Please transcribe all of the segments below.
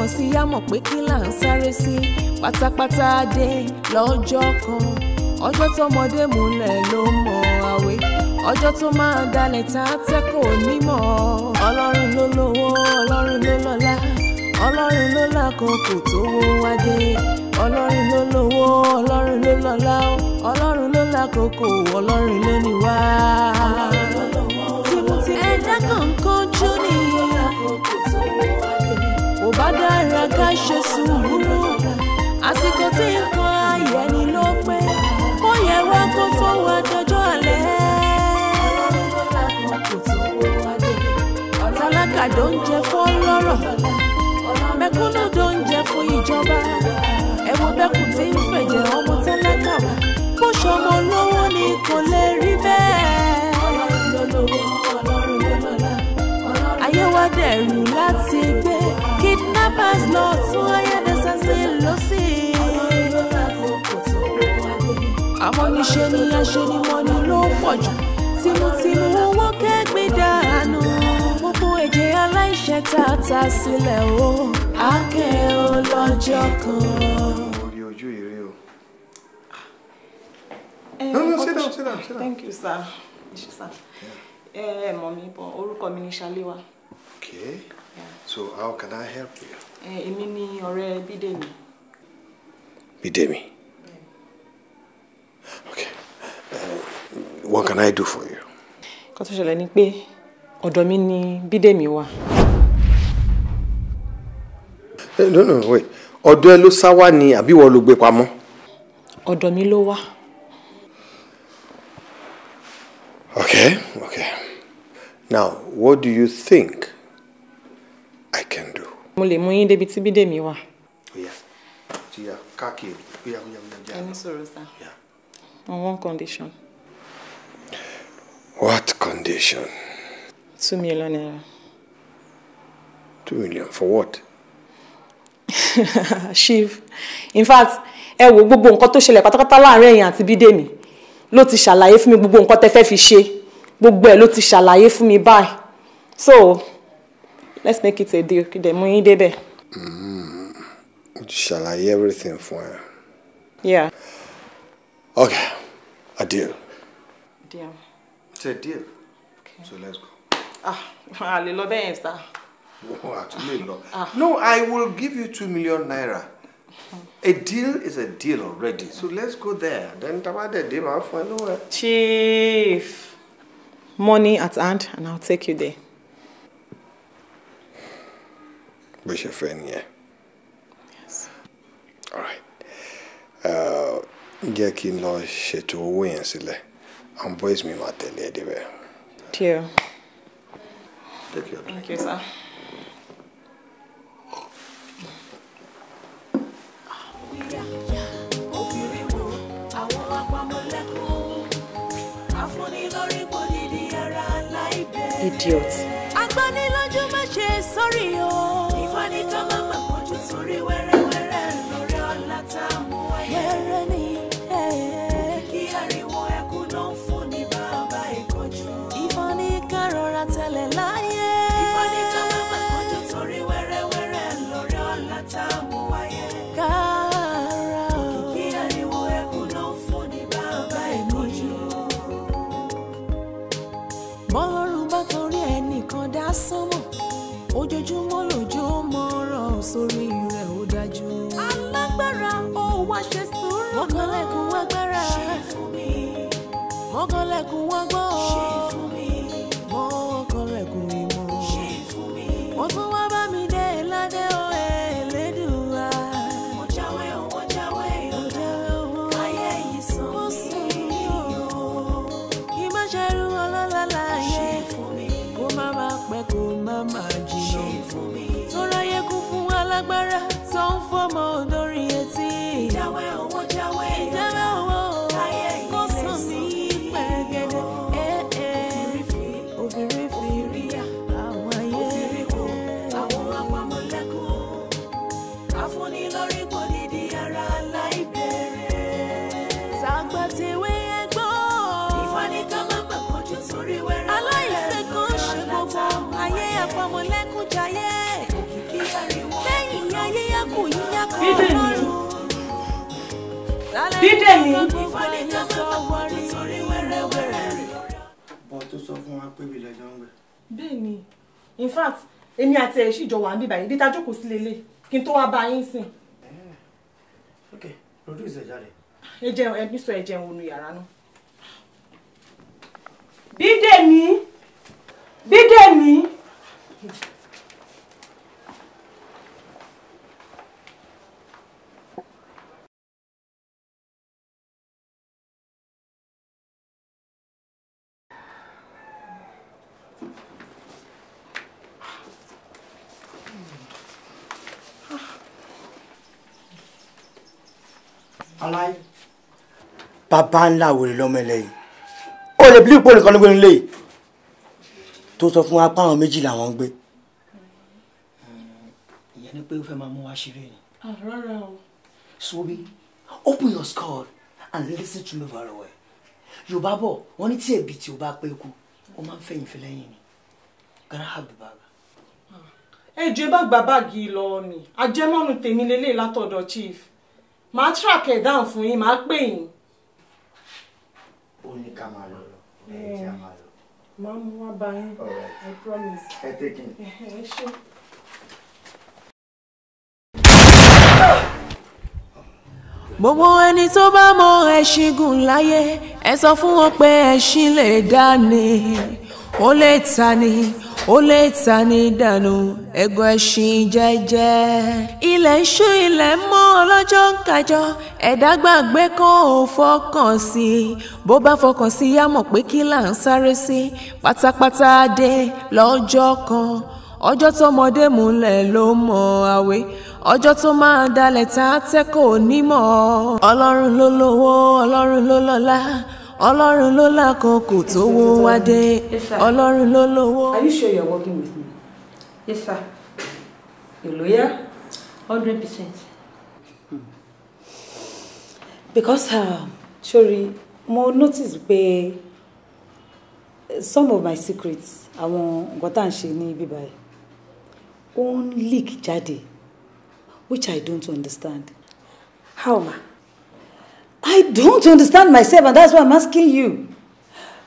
kan sí yá mọ̀ pé kí là ń sáré sí pátápátá dé lọ́jọ́ kan ọjọ́ tọmọdé múlẹ̀ ló mọ àwẹ̀ ọjọ́ tó máa dalẹ̀ tá a tẹ́ kò nímọ̀ ọlọ́run ló lówó ọlọ́run ló lọ́lá ọlọ́run ló lákòókò tówó wá dé ọlọ́run ló lówó ọlọ́run ló lọ́lá ọlọ́run ló lákòókò ọlọ́run ló ní ẹ̀dá kan kan nìyẹn bá dára ká ṣe sùúrù àsìkò tí nǹkan ayẹ̀ ni ló pé kó yẹ wá kó tó dọjọ́ alẹ́. tálákà ló ń jẹ fún ọlọ́rọ̀ mẹ̀kúnnù ló ń jẹ fún ìjọba ẹ̀wọ̀n bẹ́kù tí ń fẹ̀jẹ̀ ọmọ tálákà wá bó ṣọmọ lówó ni kò lè rí bẹ́ẹ̀. ayé wa dẹ̀rù láti gbé pass lọ́tún ayédèsẹ́sẹ́ lọ́sì. àwọn oníṣẹ́ ni aṣọ ni wọ́n ní ló pọ̀ jù tìmùtìmù owó kẹ́gbẹ́ dànù gbogbo ẹ̀jẹ̀ aláìṣẹ̀ tá a ta sílẹ̀ o àkẹ́ o lọ́jọ́ kan. orí ojú ìrè o. Eh, no no sit down sit down sit down. thank you sir. Thank you, sir. Yeah. Eh, mommy, but orúkọ mi ni Ṣaléwà. Okay. Yeah. So how can I help you? èmi ni ọ̀rẹ́ Bídèmí. Bídèmí. okay uh, what can I do for you. kó tó ṣẹlẹ̀ ni pé ọ̀dọ̀ mi ni Bídèmí wà. Eh, no no wait ọ̀dọ̀ ẹ ló sá wá ni àbí wọ́n ló gbé pamọ́. ọ̀dọ̀ mi ló wá. okay okay now what do you think I can do mo lè mú yín débi tí bídèmí wà. oya oya káàkiri oya oya oya oya. ẹni sọ̀rọ̀ sá on one condition. what condition. two million naira. two million for what. chief in fact ẹ wo gbogbo nǹkan tó ṣẹlẹ̀ pátápátá láàrin ẹ̀yin àti bídèmí ló ti ṣàlàyé fún mi gbogbo nǹkan tẹ́ fẹ́ fi ṣe gbogbo ẹ̀ ló ti ṣàlàyé fún mi báyìí so let's make it a deal kí dẹ̀ mú yín débẹ̀. Mm-hmm. o ti ṣàlàyé everything fún ẹ. yeah. okay a deal. deal. it's a deal. okay so let's go. ah a lè lọ bẹ́ẹ̀ yẹn sá. wọ́n lọ. Ah. no i will give you two million naira. Mm-hmm. A deal is a deal already, so let's go there. Then Tabade Dima follow her. Chief, money at hand, and I'll take you there. bó ṣe fẹ́ nìyẹn. Uh, jẹ́ kí n lọ ṣètò owó yẹn sílẹ̀ àwọn boys mi máa tẹ̀lé ẹ débẹ̀. dear. Take your time. Thank you, sir. Idiot. Agbanilójú má ṣe sórí o. lásán mọ̀ ojoojúmọ́ lòjó mọ́rọ̀ sórí rẹ̀ ó dájú. alágbára ó wá ṣe sùúrù. mọ́kànlẹ́kùn wá gbára. ṣe fún mi. mọ́kànlẹ́kùn wá gbọ́. ṣe fún mi. fama dídè mi. bọ́ọ̀ tó sọ fún wa pé mi lẹ́jọ́ bẹ́ẹ̀ ni in fact èmi àti ẹ̀ ṣì jọ wà níbí báyìí bíta jókòó sí lélẹ̀ kí n tó wá bá yín sìn. Eh, ok produce ẹ̀ jáde. ẹ jẹun ẹ bísọ ẹ jẹun onu yàrá náà. dídè mi dídè mi. Alive. bàbá ńlá wèrè lọ́mọ ẹlẹ́yìn ó lè bí ipò nìkan ló gbé nílé tó sọ fún wa pé àwọn méjì làwọn ń gbé. Eh, ìyẹn ni pé ó fẹ́ máa mú wa ṣeré ni. rárá o. sobi open your skull and listen to me very well yorùbá bọ̀ wọ́n ní tí èbìtì ò bá pé kú ó máa ń fẹ̀yìn fi lẹ́yìn ni gara habi bàbá. ẹ jẹ́ bá gba báàgì lọ ni àjẹmọ́nu tèmi lélẹ́yìn látọ̀dọ̀ chief màá track ẹ̀ down fún yín màá pè yín. ó ní ká máa lọ lọ ẹ jẹ́ àmà eh, lọ. máa mú wá bá yín i promise. ẹ tẹ́kìn. ẹ ṣe. gbogbo ẹni tó bá mọ ẹṣin gùn láyé ẹ sọ fún wọn pé ẹṣin lè dá ni ó lè ta ni ó lè ta ní dànù ẹ̀gọ́ ẹṣin jẹ́jẹ́. ilẹ̀ ń ṣú ilẹ̀ ń mọ́ ọlọ́jọ́ ń kájọ ẹ̀dá gbàgbé kan ò fọkàn sí i bó bá fọkàn sí i á mọ̀ pé kí là ń sáré sí pátápátá dé lọ́jọ́ kan ọjọ́ tọmọdé múlẹ̀ ló mọ àwé ọjọ́ tó máa dalẹ̀ tá a tẹ́kọ̀ọ́ onímọ̀ ọlọ́run ló lówó ọlọ́run ló lọ́lá ọlọ́run ló lákòókò tó wó wá dé ọlọ́run ló lówó. Are you sure you are working with me? Yes sir. èlò yá. hundred percent. because uh, sorry mo notice pé some of my secrets àwọn nǹkan tá à ń ṣe ní ibi báyìí ó ń leak jáde which I don't understand. how ma? I don't understand myself and that's why I'm asking you.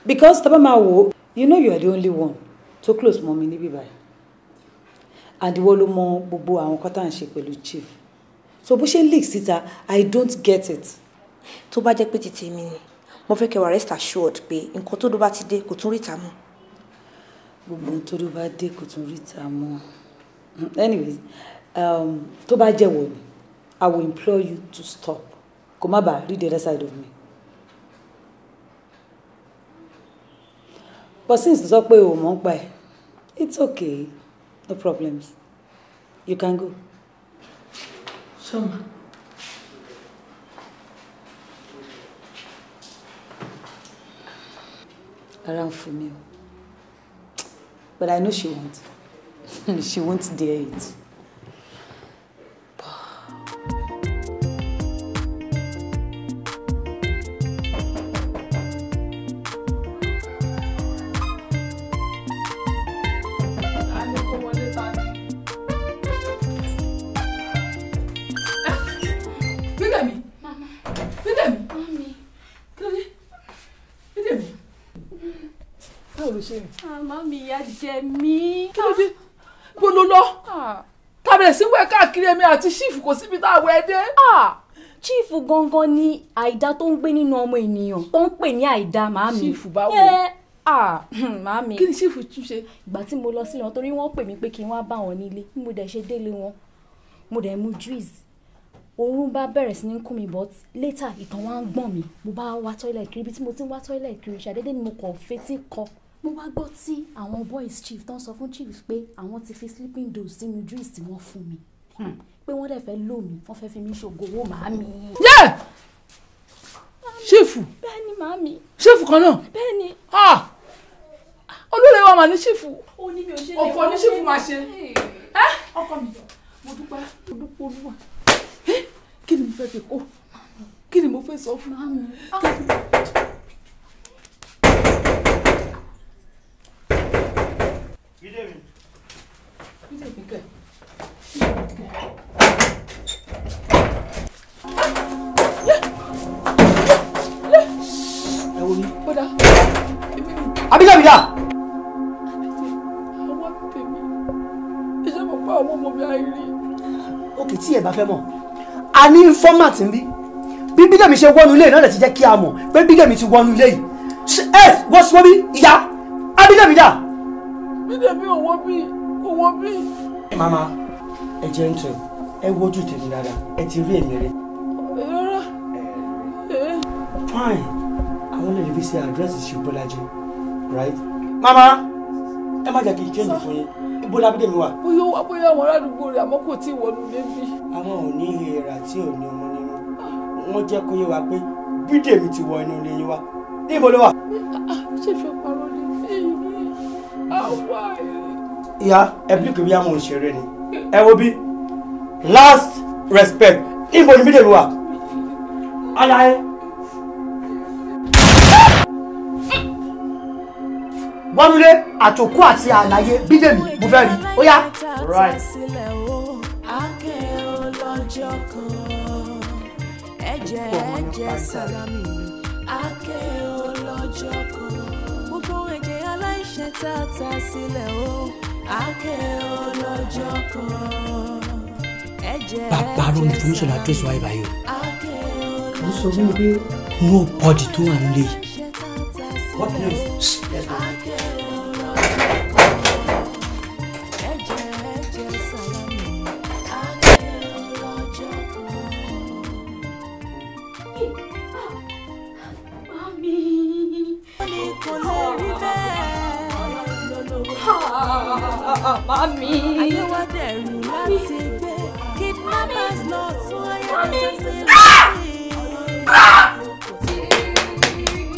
Because Taba máa you know you are the only one tó close mommy mi níbí báyìí. Àdìwọ́ ló mọ gbogbo àwọn kan tá à ń chief. So bó ṣe leak síta, I don't get it. Tó bá jẹ́ pé ti tèmi ni, rest assured be in Koto dó bá ti dé kò tún rí ìta mọ́. Gbogbo ohun tó Anyways, um, tó bá I will implore you to stop. Kumaba, read the other side of me. But since sọ pé o mọ̀ ń pa ẹ̀, it's okay, no problems. You can go. Sọ́mà. Ara ń fún mi o. But I know she won't. she won't dare it. ṣe ni. àmọ́ ah, mi ìyá jẹ mí. kí ló dé bó ló lọ kábẹ̀sí ah. wẹ̀ káàkiri èmi àti ṣífù kò síbi tá a wẹ̀ dé. ṣífù ah, gangan ni àìdá tó ń gbé nínú ọmọ ènìyàn tó ń pè ní àìdá màámi. ṣífù báwo ah màámi. Hmm, kí ni ṣífù tún ṣe. ìgbà tí mo lọ sílẹ̀ wọn torí wọ́n pè mí pé kí n bá wọn nílé mo dẹ̀ ṣe délé wọn mo dẹ̀ mu juice oorun bá bẹ̀rẹ̀ sí ní kún mi but later ìtàn wa ń gbọ̀n mi mo bá wá toilet kiri ibi tí mo ti ń wá toilet kiri ṣàdédé ni mo kàn fetí kọ mo wá gbọ́ tí àwọn boys chief tán sọ fún chief pé àwọn ti fi sleeping dose sínú juice tí wọ́n fún mi hmm. pé wọ́n dẹ̀ fẹ́ lò mí wọ́n fẹ́ fi mí ṣògo owó màámi. yẹ́ẹ̀ ṣéèfù. bẹ́ẹ̀ni màámi. ṣéèfù kan náà. bẹ́ẹ̀ni. olórí wa mà ní ṣéèfù. ó ní mi ò ṣe lè wọlé ọ̀pọ̀ ní ṣéèfù máa ṣe. ọkọ mi mo dúpẹ́ mo dúpẹ́ olúwa kí ni mo fẹ́ fi kó kí ni mo fẹ́ sọ fún mi. Bídèmí. Bídèmí kẹ̀. Ẹ wo ni? Bọ́dà. Abíjà bíjà. Àwọn tèmi, iṣẹ́ mo pa àwọn ọmọ mi àìrí. Òkè tí ẹ bá fẹ́ mọ̀, a ní fọ́màtì ń bí. Bí Bídèmí ṣe wọnú ilé náà lè ti jẹ́ kí a mọ̀ pé Bídèmí ti wọnú ilé yìí. Ẹ wọ́n sọ bí ìyá Abíjà bíjà bídèmí òwò bí òwò bí. màmá ẹ jẹ́ ń tún ẹ wojú tèmi dáadáa ẹ ti rí èmi rí. rárá. fine àwọn lè fi ṣe àdírẹ́sì sí bọ́lájí right. Mama, ẹ má jẹ́ kí n change fún yín bóla bídèmí wà. bóyá wà bóyá àwọn aládùúgbò rẹ̀ àmọ́ kò tí ì wọnú lébi. àwọn ò ní ìlera tí ò ní ọmọ nínú wọ́n jẹ́ kó yé wa pé bídèmí ti wọ inú ilé yín wa níbo ló wà. Ah, ah, ṣé ìfẹ́ pa ìyá ẹbí kò bí àmọ òṣèré ni ẹ wo bí last respect níbo ni bídèmí wà alaye. wọ́núlé àtòkú àti àlàyé bídèmí mo fẹ́ rí ó yá. right. ẹ̀jẹ̀ ẹ̀jẹ̀ sálámì àkè olójó kan ṣe tata sílẹ̀ o àkè ọlọ́jọ́ kan. bàbá rò fún sọlá dúró sọ àyè báyìí o. mo sọ fún mi pé. nobody tó wà nílé yìí. what news. mami. Ayéwá dẹ̀rù láti gbé kidnappers lọ tún ayé ẹsẹ̀ sí i.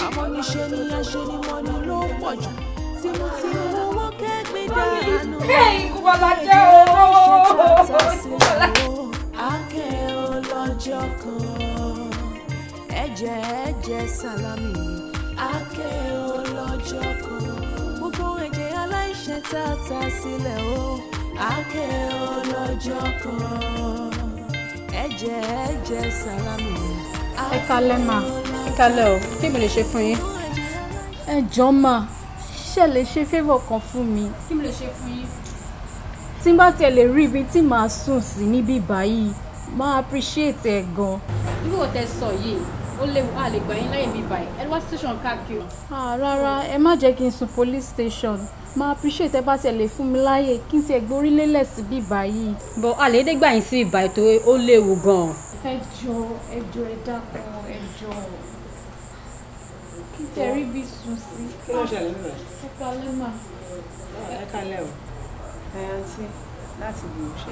Àwọn oníṣẹ́ ni aṣọ ni wọ́n ní ló pọ̀ jù. Tìmùtìmù owó kẹ́gbẹ́ dànù. Bẹ́ẹ̀ kò bàbá jẹ́ owó. Akẹ́ ọlọ́jọ́ kan, ẹ̀jẹ̀ ẹ̀jẹ̀ sálámì. Akẹ́ ọlọ́jọ́ kan gbogbo ẹ̀jẹ̀ aláìṣẹ̀ tá a ta sílẹ̀ o àáké ọlọ́jọ́ kan ẹ̀jẹ̀ ẹ̀jẹ̀ sàlámì. ẹ kalẹ̀ ma ẹ kalẹ̀ o kí mi lè ṣe fún yín. ẹ jọ̀ọ́ ma ṣe lè ṣe favour kan fún mi. kí mi lè ṣe fún yín. tí n bá tiẹ̀ lè rí ibi tí màá sùn sí níbí báyìí máa appreciate ẹ̀ gan. irú òtẹ́ sọ yìí ó léwu a lè gbà yín láyè mi báyìí ẹ wá station káàkiri. rárá ẹ má jẹ́ kí n sùn police station máa appreciate ẹ bá tiẹ̀ lè fún mi láàyè kí n tiẹ̀ gborí lélẹ̀ sí bíbá yìí. bọ àlè dé gbà yín sí ìbà ètò ó léwu gan. ẹ jọ ẹ jọ ẹ dákun ẹ jọ kí tẹ rí bí sùn sí. kí ló ṣẹlẹ̀ nígbà. ẹ kalẹ́ mà. ẹ kalẹ́ o ẹ àǹtí láti bò ṣé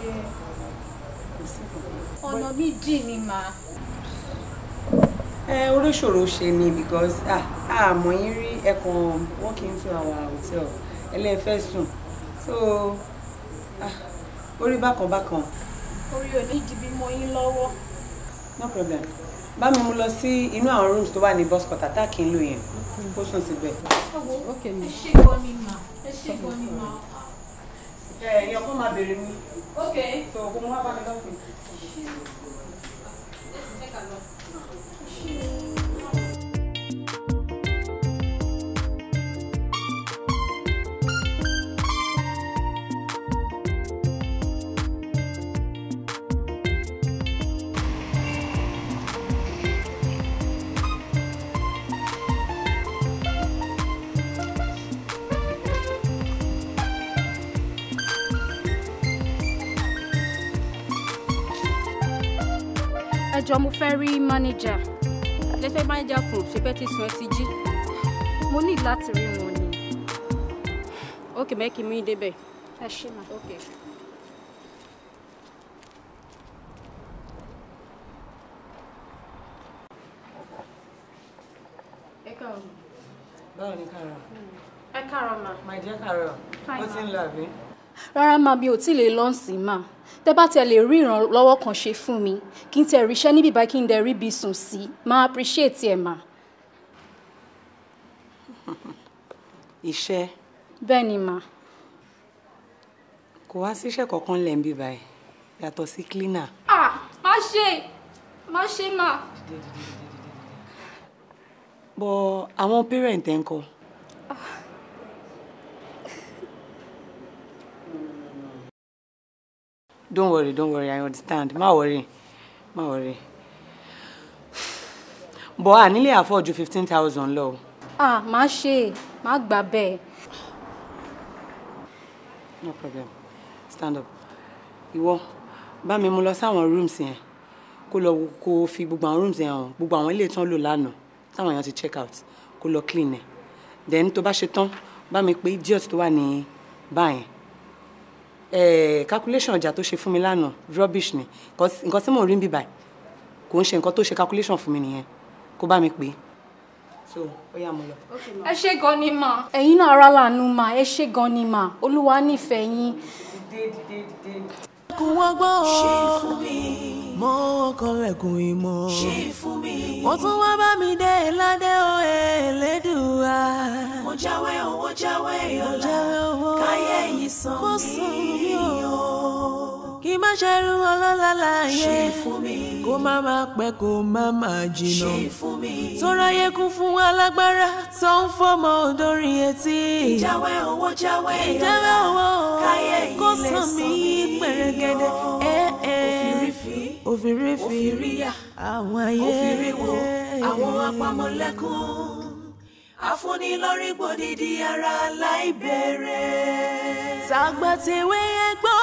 kò sí kankan. ọ̀nà mi jì ni màá oríṣòro ṣe ni because àmọ́ yín rí ẹ̀kan working to our hotel ẹlẹ́fẹ́ sùn so orí bákan bákan. orí ò ní di bí mo yín lọ́wọ́. no problem bá mi mú lọ sí inú àwọn rooms tó wà ní bus quarter tá kí n lò yẹn kó sùn síbẹ̀. ẹ ṣe gan ni mà ẹ ṣe gan ni mà. ẹ ẹ̀yàn kan máa béèrè mi. ok. so kò mú wá bá mi lọ́kùnrin. ẹ kà lọ. Ejomo Ferry Manager. lẹ́sẹ̀ manager group ṣe fẹ́ ti sun ẹ ti jí mo ní láti rí wọn ni ok mẹ́kì mi débẹ̀. ẹ ṣe mà. ok. ẹ káàárọ̀. báwo ni káàárọ̀. ẹ káàárọ̀ mà. màá jẹ́ káàárọ̀ ó ti ń lọ àbí rárá máa bí ò tí lè lọ́ǹsì máa tẹ bá tẹ lè rí ìrànlọ́wọ́ kan ṣe fún mi kí n tẹ ríṣẹ́ níbi báyìí kí n dẹ rí ibi sùn sí máa appreciate ẹ̀ mà. iṣẹ́. bẹ́ẹ̀ ni mà. kò wá síṣẹ́ kankan lẹ̀ ń bí báyìí yàtọ̀ sí cleaner. ah má ṣe má ṣe mà. bọ àwọn parent ẹ ń kọ́. ah don't worry don't worry i understand Ma worry ma worry But I nearly afford you fifteen thousand lọ. ah má ṣe má gbà no problem stand up ìwọ bá mi mú lọ sáwọn rooms yẹn kó lọ kó fi gbogbo àwọn rooms yẹn hàn gbogbo àwọn ilé tán lò lánàá táwọn èèyàn ti check out kó lọ clean ẹ then tó bá ṣe tán bá mi pé idiot tó wà ní báyẹn Eh, calculation ọjà tó ṣe fún mi lánàá rubbish ni nǹkan tí mò ń rí bíbà kò ń ṣe nǹkan tó ṣe calculation fún mi nìyẹn kó bá mi pè é so ó yá mo lọ. ẹ ṣé gan ni mà ẹ̀yin náà ara làánú mà ẹ ṣé gan ni mà olúwa nífẹ̀ẹ́ yín kún ọgbọ́n ṣe fún mi mọ ọkọlẹ̀kùn ìmọ̀ mi wọ́n tún wá bá mi dé ládé o Elédùà. mo jáwé owó jáwé ìyọ̀lá káyé yìí sàn mí o kí má ṣe rú ọlọ́lá láàyè kó má má pẹ́ kó má má jìnnà tọ́ra yẹ kún fún alágbára tó ń fọmọ odórí etí. ìjáwé owó jáwé ìjáwé owó káyé ilé kó sàn mí pẹ̀rẹ̀gẹ̀dẹ̀ ẹ̀ ẹ̀ òfìrífì àwọn ayé òfìríwò àwọn apamọ́lẹ́kùn afúnilórí gbòdìdí ara láìbẹ̀rẹ̀. tàgbà tèwe ẹgbọ́n.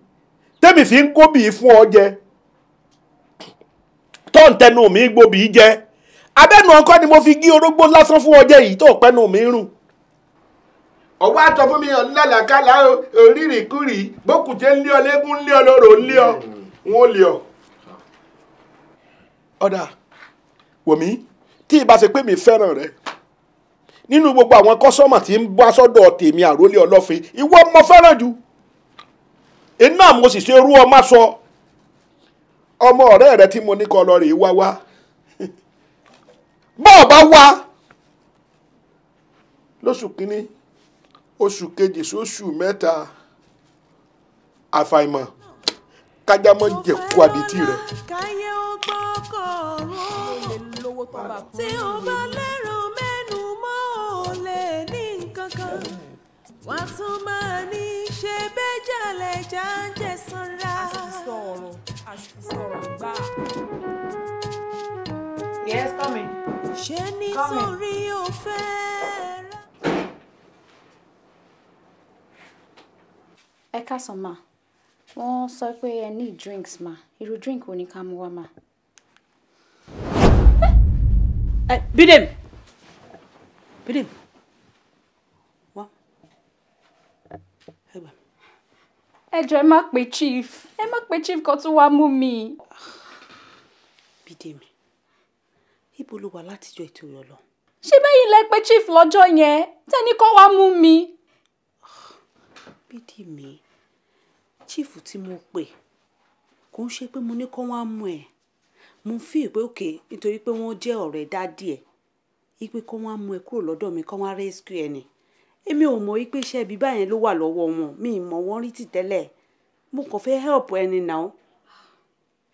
tẹ́mi fi ń kóbì fún ọ jẹ tọ́ǹtẹ́nu mi gbòbì jẹ abẹ́nu ọkọ ni mo fi gí orógbó lásán fún ọjẹ́ yìí tó pẹ́nu mi rùn. ọ̀wọ́ àtọ̀ fún mi hàn lálàkàlà orírìkúrì gbókùté ńlẹ́ ọ lẹ́gùn ńlẹ́ ọ lọ́rọ̀ ńlẹ́ ọ ń ó lẹ́ ọ. ọ̀dà wòmí tí ìbá ṣe pé mi fẹ́ràn rẹ nínú gbogbo àwọn kọ́sọ́mà tí ń bá sọ́dọ̀ tèmi àrólé ọlọ́fin ìwọ mo fẹ́ràn jù iná mo sì ṣe rú ọmọ sọ ọmọ ọ̀rẹ́ rẹ tí mo ní kọ́ lọ rèé wá wá bọ́ọ̀ bá wá lóṣù kínní oṣù kejì sóṣù mẹ́ta àfàìmọ̀ kájámọ́ jẹ̀kú àdìtì rẹ̀. tí ó bá lẹ́rù mẹ́nu mọ́ ò lè ní nǹkan kan wà á tún máa ní ṣe bẹ́jà lẹ́jà ń jẹ sanra. a sì sọ̀rọ̀ a sì sọ̀rọ̀ gbà. yes coming. in. ṣé nítorí o fẹ́ ẹ káàsán ma wọ́n sọ pé ẹ ní drinks ma irú drink wo ni ká mú wá ma. Eh, bídèm bídèm. ẹ jọ̀ọ́ ẹ má pe chief ẹ má pe chief kan tún wá mú mi. bídèmí ibo ló wà látijọ́ ètò ìrọ̀lọ́. ṣé bẹ́yìn lẹ pé chief lọ́jọ́ yẹn tẹ́ni kọ́ wá mú mi. bídèmí chief tí mo pè kò ń ṣe pé mo ní kọ́ wá mú ẹ mo fi ìpè òkè nítorí pé wọ́n jẹ́ ọ̀rẹ́ dádì ẹ̀ ìpè kọ́ wá mú ẹ kúrò lọ́dọ̀ mi kọ́ wá rescue ẹ ni èmi ò mọ̀ wípé iṣẹ́ ibi báyẹn ló wà lọ́wọ́ wọn mi mọ̀ wọ́n rí tì tẹ́lẹ̀ mo kàn fẹ́ help ẹni náà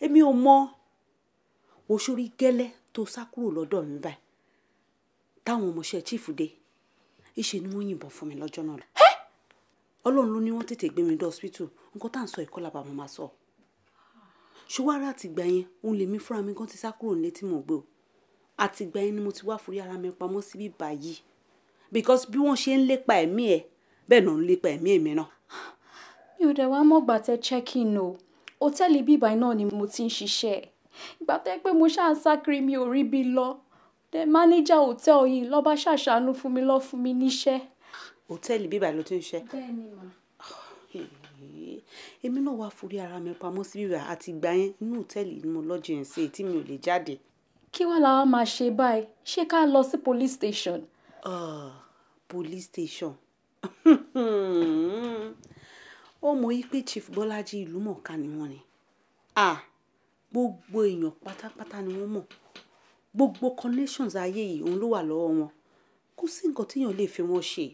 èmi ò mọ̀ wo sórí gẹ́lẹ́ tó sá kúrò lọ́dọ̀ mi báyìí táwọn ọmọọṣẹ́ chief dé iṣẹ́ ni wọ́n yìnbọn fún mi lọ́jọ́ náà ọlọ́run ló ní wọ́n tètè gbé mi dé hospital nǹkan tá à ń sọ ẹ̀kọ́ làbà mo máa sọ ṣùgbọ́n ara àtìgbà yẹn òun lèmi fúnra mi gan ti sá kúrò nílé tí mò ń gbé o àtìgbà yẹn ni mo ti wá forí ara mi pamọ́ síbí báyìí because bí wọ́n ṣe ń lépa ẹ̀mí ẹ̀ bẹ́ẹ̀ ló ń lépa ẹ̀mí èmi náà. mi ò dẹ̀ wá mọ̀gbà tẹ check-in o òtẹ́ẹ̀lì bíbá náà ni mo ti ń ṣiṣẹ́ ìgbà tó yẹ pé mo ṣáà ń sá kiri mi ò rí bí lọ dẹ mánéjà òtẹ́ẹ̀lì yìí lọ́ọ́ bá ṣàṣàánú fún mi lọ́ọ́ fún mi níṣẹ́. òtẹ́ẹ̀lì bíbá ló ti ń ṣe. bẹ́ẹ̀ ni mà èmi náà wàá forí ara mi pamọ́ sí bíbá àti ìgbà yẹn inú òtẹ́ẹ̀lì ni mo lọ́ọ́ jẹun sí èyí tí mi ò lè jáde. kí wàá làwọn máa ṣe báyìí ṣé ká lọ sí police station Ah, police station ó mọ ipe chief bọ́lájí ìlúmọ̀ọ́ká ni wọ́n ni ah gbogbo èèyàn pátápátá ni wọ́n mọ̀ gbogbo connections ayé yìí òun ló wà lọ́wọ́ wọn kò sí nǹkan téèyàn lè fi wọn ṣe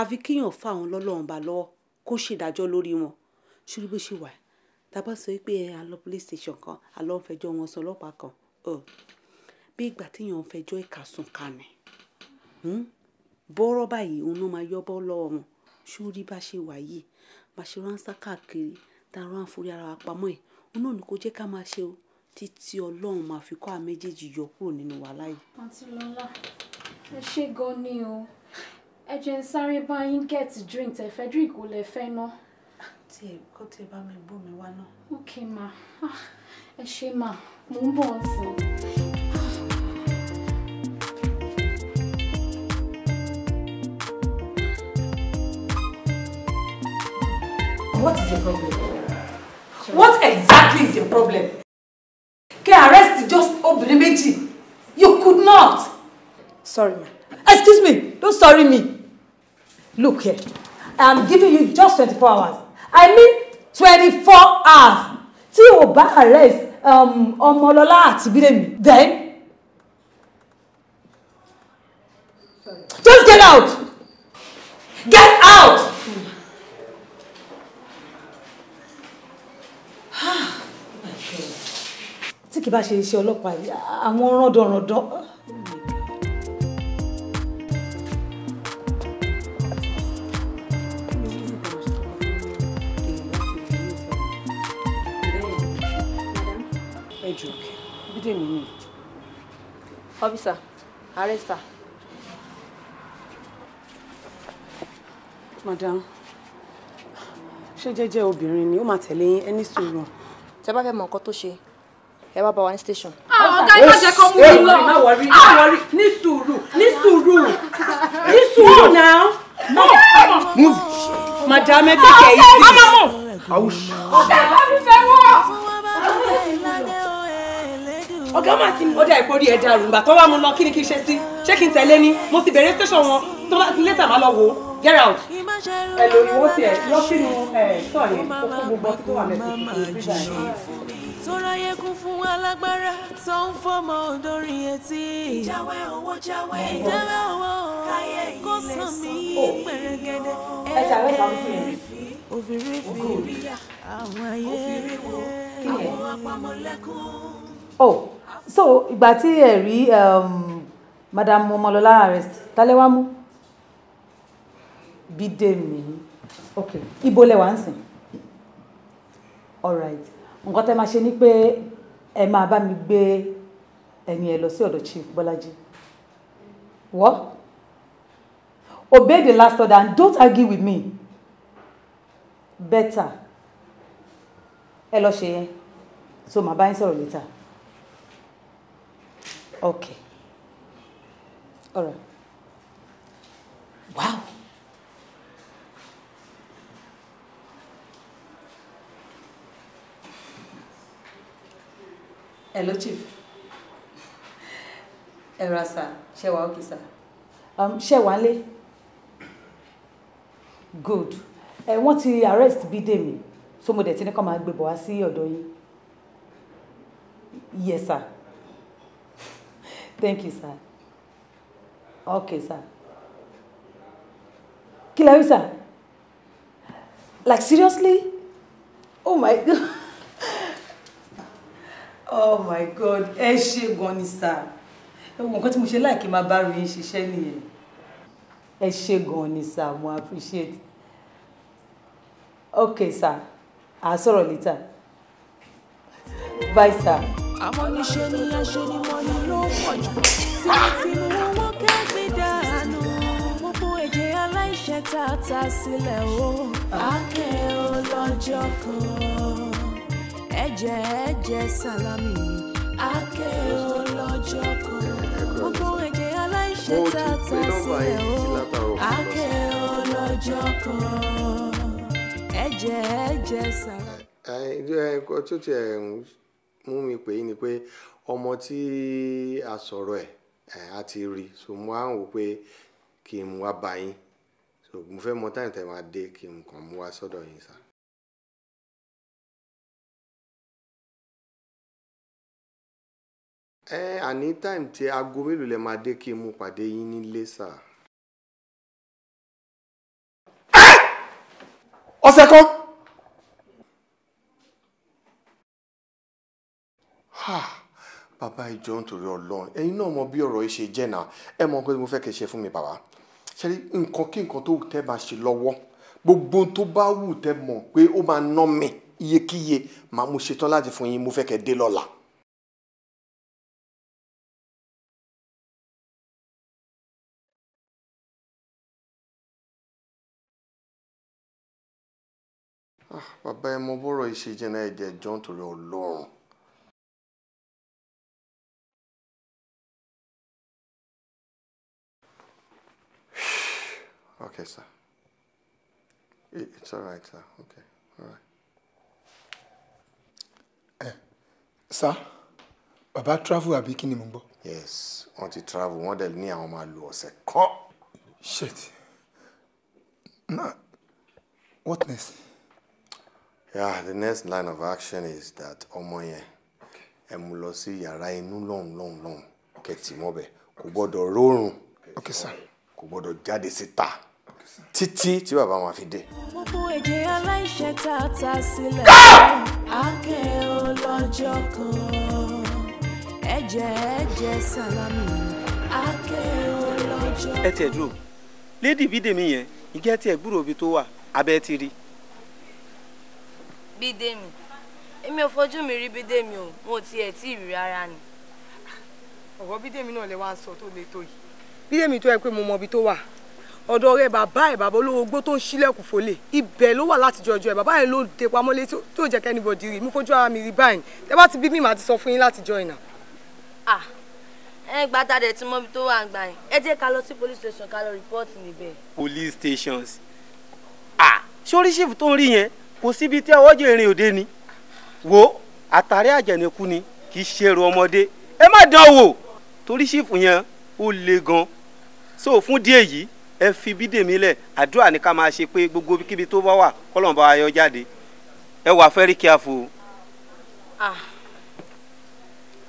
àfi kéèyàn fa àwọn lọ́lọ́run bá lọ́wọ́ kó ṣèdájọ́ lórí wọn ṣórí bó ṣe wà tábà sọ pé a lọ police station kan a lọ ń fẹjọ́ wọn sọ ọlọ́pàá kan bí ìgbà téèyàn ń fẹjọ́ ìkàsùn kan ni Hmm? bọ́rọ́ báyìí òun náà máa yọ́ bọ́ lọ́wọ́ wọn sórí bá ṣe wà yìí bá ṣe ránṣá káàkiri tá a rán forí ara wa pamọ́ ẹ̀ òun náà ni kò jẹ́ ká máa ṣe o títí ọlọ́run máa fi kọ́ àméjèèjì yọ kúrò nínú wàhálà yìí. àǹtí lọ́lá ẹ ṣe gan ni o ẹ ń sáré bá yín get drink tẹ fẹ́ drink ò lẹ fẹ́ ná. tí ẹ kó tẹ bá mi bú mi wá náà. ok ma ah, ẹ ṣe ma mo ń bọ̀ ọ̀sán. What is your problem? What exactly is your problem? Kẹ́ arrest just obìnrin You could not. Sorry ma. Excuse me, don't sorry me. Look here, I am giving you just twenty-four hours. I mean twenty-four hours. Tí o bá arrest um, Ọmọlọ́lá àti Bídèmí then Just get out! Get out! kí bá ṣe iṣẹ́ ọlọ́pàá yìí àwọn ràndọ̀ràndọ̀. Bídèmí ni. Ọ́físà, àrẹ́sà. Madam, ṣé jẹ́jẹ́ obìnrin ni ó máa tẹ̀lé yín ẹni sùúrù? Tẹ ah, bá fẹ́ mọ nǹkan tó ṣe, ẹ wá bá wa ní station. àwọn ah, ọ̀gá yóò jẹ́ kó mú mi lọ. má wọrí má ah! wọrí ní sùúrù ní sùúrù ní sùúrù náà. move madame take it easy. ọmọ move. ọ̀gá ìbá mi fẹ́ wọ́ ọ̀gá máa ti ọjà ìpòrí ẹ̀ dàrú ìgbà tó wà mú lọ kí ni kí n ṣe sí ṣé kí n tẹ̀lé ni mo ti bẹ̀rẹ̀ station wọn tó bá létà má lọ wò ó get out. ẹ lò ní wọ́n tiẹ̀ lọ sínú sọ yẹn kó fún gbogbo tó wà lẹ́sìn tó fi gbà yẹ kún fún alágbára tó ń fọmọ òdòrí etí. ìjáwé owó jáwé ìjáwé owó kó sàn mí pẹ̀rẹ̀gẹ̀dẹ̀ ẹ̀ẹ́dẹ̀ẹ́rì fi òfìrí fi àwọn ayé àwọn apamọ́lẹ́kùn oh so ìgbà tí ẹ rí um, madam Omolola arrest tálẹ́ wá mú. Bídèmí okay. ibo lẹ wà ń All right. nǹkan tẹ́ máa ṣe ni pé ẹ máa bá mi gbé ẹni ẹ lọ sí ọ̀dọ̀ Chief Bọ́lájí wọ́ obey the last order and don't argue with me better ẹ lọ ṣe yẹn so màá bá yín sọ̀rọ̀ later ok alright wow. hello chief ẹ ra sà ṣẹwàá sir? Um, ṣẹwàá ń lé good I want to arrest Bidemi. so my dẹ̀ ti ní kó máa gbé bọ̀ wá yes sir thank you sir okay sir kí lẹ́yìn sir like seriously oh my god oh my god ẹ ṣe gan ni sir ẹ wo nǹkan tí mo ṣe láìkí máa bá rí yín ṣiṣẹ́ nìyẹn ẹ ṣe gan ni sir mo appreciate okay sir à sọ̀rọ̀ later bye sir. àwọn oníṣẹ́ ni aṣọ ni wọ́n ní ló pọ̀ jù tìmùtìmù wọn wọ́n kẹ́gbẹ́ dànù gbogbo ẹ̀jẹ̀ aláìṣẹ̀ tá a ta sílẹ̀ o àkẹ́ ọlọ́jọ́ kan ẹ̀jẹ̀ ẹ̀jẹ̀ sálámì àkè ọlọ́jọ́ kan gbogbo ẹ̀jẹ̀ aláìṣẹ̀ tá a ta sílẹ̀ o àkè ọlọ́jọ́ kan ẹ̀jẹ̀ ẹ̀jẹ̀ sálámì. ẹ̀kọ́ tó tiẹ̀ mú mi pè é ni pé ọmọ tí a sọ̀rọ̀ ẹ̀ a ti rí so mo á ń wò pé kí n wá bá yín so mo fẹ́ mọ táyìntàn máa dé kí n kàn mú wá sọ́dọ̀ yín sá. ẹ àní time tí aago mélòó lẹ máa dé kí n mú pàdé yín nílé sà. ọ̀sẹ̀ kan. bàbá ìjọ nítorí ọlọ́run ẹ̀yin náà mọ bí ọ̀rọ̀ yìí ṣe jẹ́ náà ẹ mọ pé mo fẹ́ kẹ́ ṣe fún mi bàbá ṣe nǹkan kí nǹkan tó tẹ́ máa ṣe lọ́wọ́ gbogbo tó bá wù tẹ́ mọ̀ pé ó máa ná mi iyekíye màá mo ṣetán láti fún yín mo fẹ́ kẹ́ dé lọ́la. bàbá ẹ mọ bọ́rọ̀ ìṣe jẹ́nà ẹ̀jẹ̀ jọ́ nítorí ọlọ́run. okay sir it's all right sir okay all right. ẹ eh, sá bàbá travel àbí kí ni mo gbọ́. yes wọ́n ti travel wọ́n dẹ̀ ní àwọn máa lo ọ̀sẹ̀ kan. shit na what next. Yeah, the next line of action is that ọmọ yẹn ẹ mú lọ sí yàrá inú lọ́hùn lọ́hùn lọ́hùn kẹtì mọ́bẹ̀ kò gbọ́dọ̀ rórùn kò gbọ́dọ̀ jáde síta títí tí bàbá wọn fi dé. gbogbo èdè aláìṣẹ́ tá a ta sílẹ̀ àkè ọlọ́jọ́ kan ẹ̀jẹ̀ ẹ̀jẹ̀ sálámù àkè ọlọ́jọ́ ẹ tẹ̀ dúró lédi bídèmí yẹn ìgẹ́ tí ẹ gbúròó ibi tó wà abẹ́ ti rí i. Bídèmí èmi ò fojú mi rí Bídèmí o mo ò tiẹ̀ tí ì rí rárá ni. ọ̀rọ̀ Bídèmí náà lè wá ń sọ tó le tó yìí Bídèmí tó yẹ pé mo mọ ibi tó wà ọ̀dọ̀ rẹ̀ bàbá ẹ̀ bàbá olówó gbó tó ń ṣílẹ̀kùn fòlè ibẹ̀ ló wà láti jọjọ ẹ̀ bàbá ẹ̀ ló dé pamọ́lé tó jẹ́ kẹ́nìbọ̀dì rí mú fojú ara mi rí báyìí tẹ́ bá ti bí mi màá ti sọ fún yín láti jọ ìnà. ẹ gba tàdé tí mọ́bi tó wà ń gbà yín ẹ jẹ́ ká lọ sí police station ká lọ rìpọ́ọ̀tì níbẹ̀. police stations ah ṣé orí ṣìfù tó ń rí yẹn kò síbi tí ọwọ́jọ ìrìn òde ni wo àtàrí àjẹnìkú ni kì í ṣe èrò ọmọdé ẹ má dán wò torí ṣìfù yẹn ó le gan so fún díẹ̀ yìí ẹ fi bídèmí lẹ̀ àdúrà ní ká máa ṣe pé gbogbo kíbi tó bá wà kọ́lọ̀ bá jáde ẹ wà fẹ́ rí kí a fò.